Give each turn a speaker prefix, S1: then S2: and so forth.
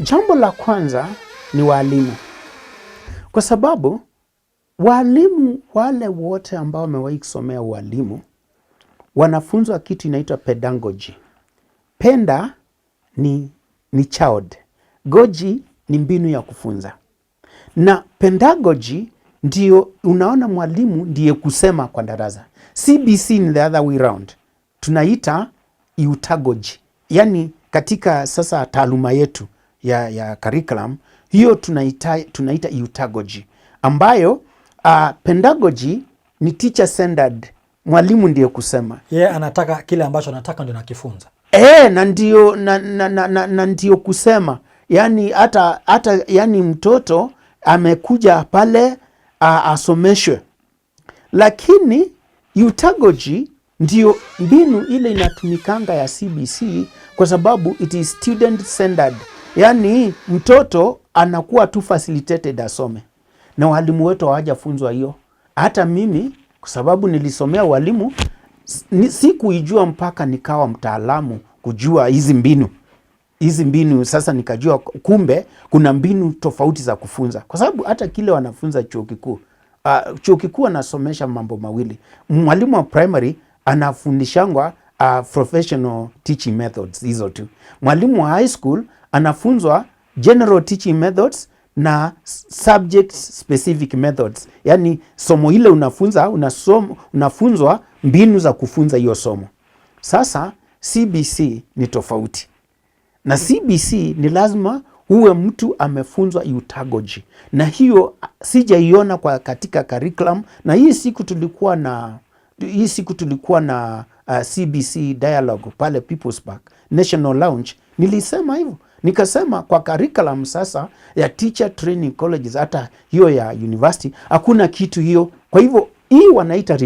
S1: Jambo la kwanza ni walimu, kwa sababu walimu wale wote ambao wamewahi kusomea walimu wanafunzwa kitu inaitwa pedagogy. Penda ni, ni child, goji ni mbinu ya kufunza na pedagogy ndio unaona mwalimu ndiye kusema kwa darasa. CBC ni the other way round, tunaita utagoji, yaani katika sasa taaluma yetu ya, ya curriculum hiyo tunaita, tunaita utagogy ambayo uh, pedagogy ni teacher centered, mwalimu ndiye kusema
S2: yeye yeah, anataka kile ambacho anataka ndio nakifunza
S1: e, eh, na ndio na, na, na, na, na ndio kusema yani hata hata yani mtoto amekuja pale uh, asomeshwe, lakini utagogy ndio mbinu ile inatumikanga ya CBC kwa sababu it is student centered. Yaani mtoto anakuwa tu facilitated asome, na walimu wetu hawajafunzwa hiyo. Hata mimi kwa sababu nilisomea walimu sikuijua mpaka nikawa mtaalamu kujua hizi mbinu hizi mbinu sasa, nikajua kumbe kuna mbinu tofauti za kufunza, kwa sababu hata kile wanafunza chuo kikuu uh, chuo kikuu anasomesha mambo mawili. Mwalimu wa primary anafundishangwa uh, professional teaching methods hizo tu. Mwalimu wa high school anafunzwa general teaching methods na subject specific methods, yani somo ile unafunza unasom, unafunzwa mbinu za kufunza hiyo somo. Sasa CBC ni tofauti na CBC, ni lazima uwe mtu amefunzwa utagoji, na hiyo sijaiona kwa katika curriculum. Na hii siku tulikuwa na hii siku tulikuwa na uh, CBC dialogue pale People's Park National Lounge nilisema hivyo, nikasema kwa curriculum sasa ya teacher training colleges, hata hiyo ya university hakuna kitu hiyo. Kwa hivyo hii wanaita